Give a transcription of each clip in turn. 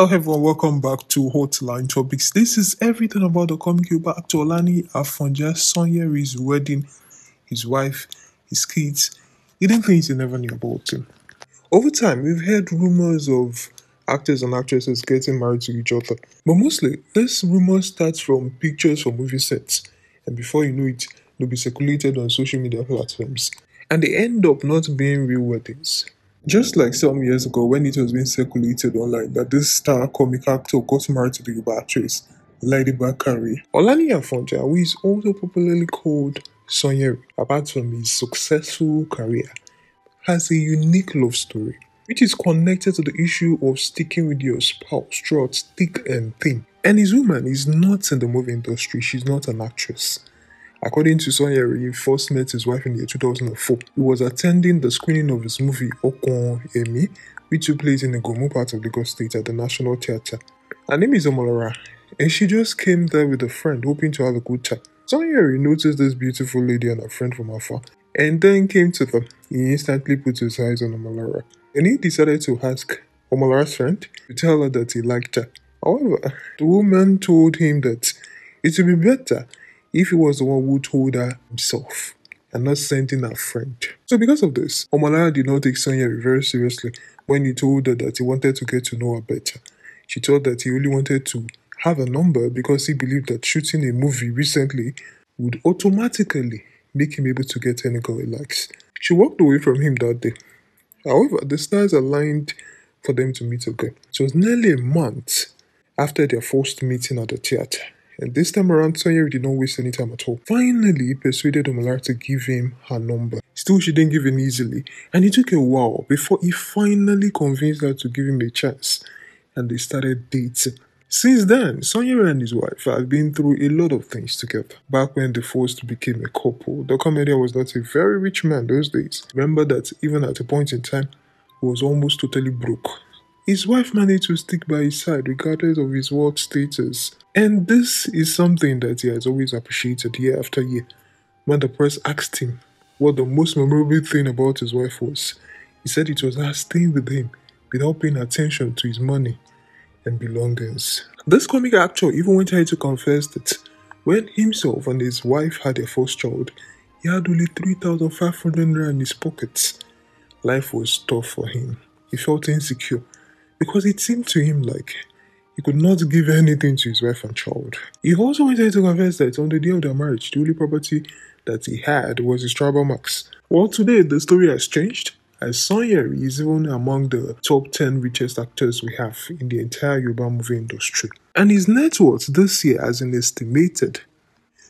Hello everyone, welcome back to Hotline Topics. This is everything about the coming back to Olani Afonja Sonyeri's wedding, his wife, his kids, didn't things you never knew about him. Over time, we've heard rumors of actors and actresses getting married to each other, but mostly this rumor starts from pictures from movie sets, and before you know it, they'll be circulated on social media platforms, and they end up not being real weddings. Just like some years ago when it was being circulated online that this star comic actor got married to the actress Lady Bakari. Olani Afonja, who is also popularly called Sonyeri, apart from his successful career, has a unique love story which is connected to the issue of sticking with your spouse throughout thick and thin. And his woman is not in the movie industry, she's not an actress. According to Sonia, he first met his wife in the year 2004. He was attending the screening of his movie Okon Emi, which took place in the Gomu part of Lagos State at the National Theatre. Her name is Omolara, and she just came there with a friend, hoping to have a good chat. Sonia noticed this beautiful lady and her friend from afar, and then came to them. He instantly put his eyes on Omolara, and he decided to ask Omolara's friend to tell her that he liked her. However, the woman told him that it would be better if he was the one who told her himself and not sending her friend. So because of this, Omalaya did not take Sonia very seriously when he told her that he wanted to get to know her better. She thought that he only wanted to have a number because he believed that shooting a movie recently would automatically make him able to get any girl he likes. She walked away from him that day. However, the stars aligned for them to meet again. It was nearly a month after their first meeting at the theater. And this time around, Sonya did not waste any time at all. Finally persuaded Omolara to give him her number. Still, she didn't give in easily, and it took a while before he finally convinced her to give him a chance, and they started dating. Since then, Sonya and his wife have been through a lot of things together. Back when they first became a couple, the comedian was not a very rich man those days. Remember that even at a point in time, he was almost totally broke. His wife managed to stick by his side regardless of his work status, and this is something that he has always appreciated year after year. When the press asked him what the most memorable thing about his wife was, he said it was her staying with him without paying attention to his money and belongings. This comic actor even went ahead to confess that when himself and his wife had their first child, he had only 3,500 in his pockets. Life was tough for him. He felt insecure because it seemed to him like he could not give anything to his wife and child. He also wanted to confess that on the day of their marriage, the only property that he had was his tribal marks. Well, today the story has changed, as Sonia is even among the top 10 richest actors we have in the entire Yoruba movie industry. And his net worth this year has been estimated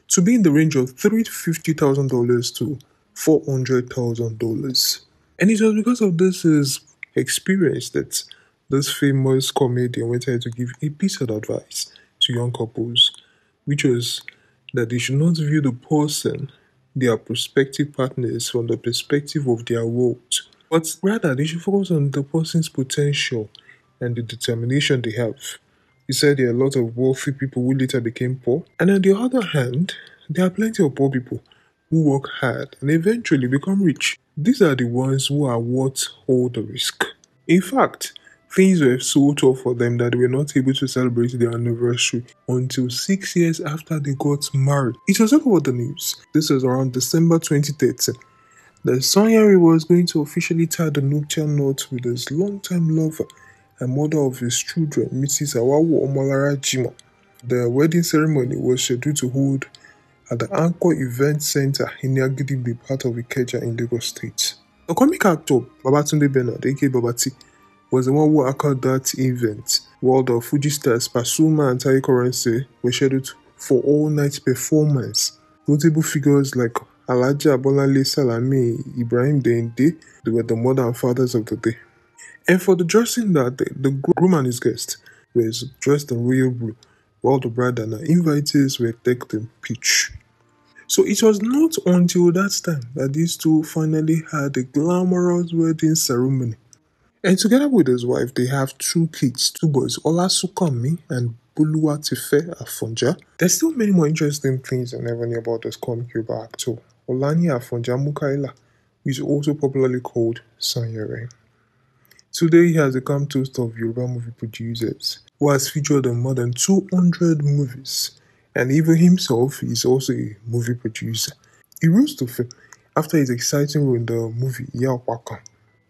to be in the range of $350,000 to $400,000. And it was because of this his experience that this famous comedian went wanted to give a piece of advice to young couples, which was that they should not view the person, their prospective partners, from the perspective of their wealth, but rather they should focus on the person's potential and the determination they have. He said there are a lot of wealthy people who later became poor, and on the other hand, there are plenty of poor people who work hard and eventually become rich. These are the ones who are worth all the risk. In fact, Things were so tough for them that they were not able to celebrate their anniversary until six years after they got married. It was all over the news. This was around December 2013. The Sonia was going to officially tie the nuptial knot with his longtime lover and mother of his children, Mrs. Awawu Omolara Jima. The wedding ceremony was scheduled to hold at the Anchor Event Center in Yagidi, part of Ikeja in Lagos State. The comic actor Babatunde Bernard, aka Babati, was the one who anchored that event, while the Fuji stars Pasuma and Tai Currency were scheduled for all-night performance. Notable figures like Alaja Abolale Salami, Ibrahim Dende, they were the mother and fathers of the day. And for the dressing that day, the groom and his guest were dressed in royal blue, while the bride and her invitees were decked in peach. So it was not until that time that these two finally had a glamorous wedding ceremony and together with his wife, they have two kids, two boys, Olasukanmi and Tife Afonja. There's still many more interesting things I never knew about this comic Cuba actor, Olani Afonja Mukaila, who is also popularly called Sanyere. Today, he has become toast of Yoruba movie producers, who has featured in more than 200 movies, and even himself is also a movie producer. He rose to fame after his exciting role in the movie Yaopaka,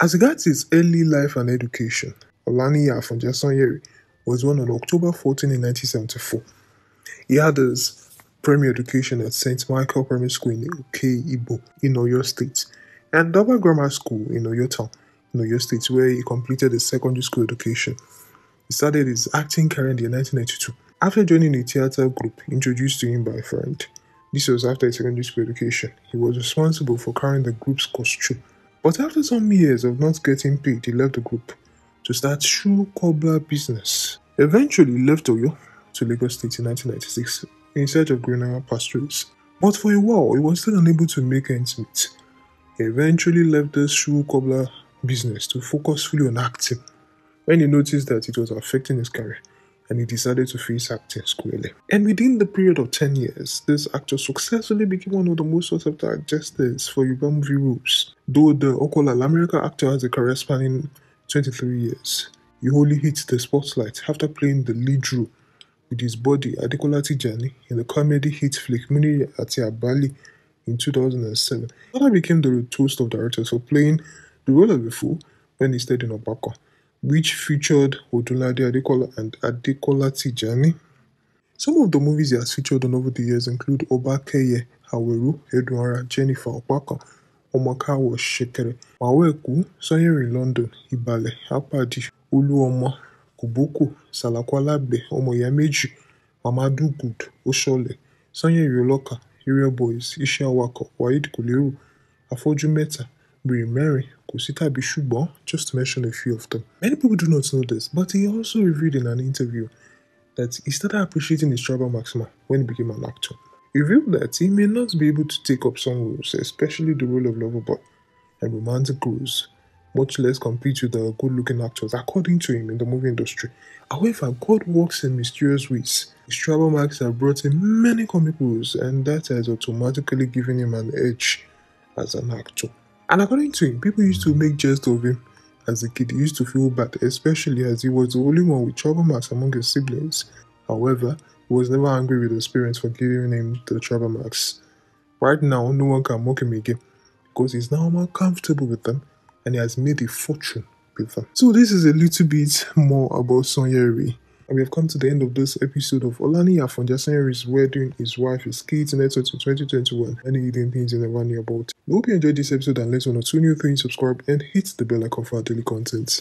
as regards his early life and education, Olaniyi Jason sanyeri was born on October 14, 1974. He had his primary education at St. Michael Primary School in Uke Ibo in Oyo State and Dover Grammar School in Oyo Town in Oyo State, where he completed his secondary school education. He started his acting career in 1992 after joining a theatre group introduced to him by a friend. This was after his secondary school education. He was responsible for carrying the group's costume but after some years of not getting paid, he left the group to start shoe cobbler business. Eventually left Oyo to Lagos State in 1996 in search of greener pastures. But for a while, he was still unable to make ends meet. He eventually left the shoe cobbler business to focus fully on acting when he noticed that it was affecting his career and he decided to face acting squarely. And within the period of 10 years, this actor successfully became one of the most sought after actors for Yoruba movie roles. Though the Okola America actor has a career spanning 23 years, he only hit the spotlight after playing the lead role with his body Adekola journey in the comedy hit flick Muniri Ati Abali in 2007. Father became the toast of directors for playing the role of a fool when he stayed in Opakon. which featured Odunlade Adekola and Adekola Tijani. Some of the movies he has featured on over the years include Obakeye, Aweru, Edunara, Jennifer Opaka, Omakawa Shekere, Maweku, Sanyeri London, Ibale, Apadi, Uluoma, Kuboko, Salakwalabe, Omoyameji, Mamadu Good, Oshole, Sanyeri Oloka, Area Boys, Iṣẹ́ Awakọ̀, Waheed Kuleru, Afọ́jú Mẹ́ta, Bìrì Mẹ́rin, Kusita Bishubo, just to mention a few of them. Many people do not know this, but he also revealed in an interview that he started appreciating his travel maxima when he became an actor. He revealed that he may not be able to take up some roles, especially the role of lover boy and romantic roles, much less compete with the good looking actors, according to him, in the movie industry. However, God works in mysterious ways. His travel marks have brought him many comic roles, and that has automatically given him an edge as an actor. And according to him, people used to make jest of him as a kid. He used to feel bad, especially as he was the only one with trouble marks among his siblings. However, he was never angry with his parents for giving him the trouble marks. Right now, no one can mock him again because he's now more comfortable with them and he has made a fortune with them. So, this is a little bit more about Sonyeri and we have come to the end of this episode of Olani Afonjasenri's wedding his wife is kids in 2021 Any the hidden things in never knew about. We hope you enjoyed this episode and learned one or two new things. Subscribe and hit the bell icon for our daily content.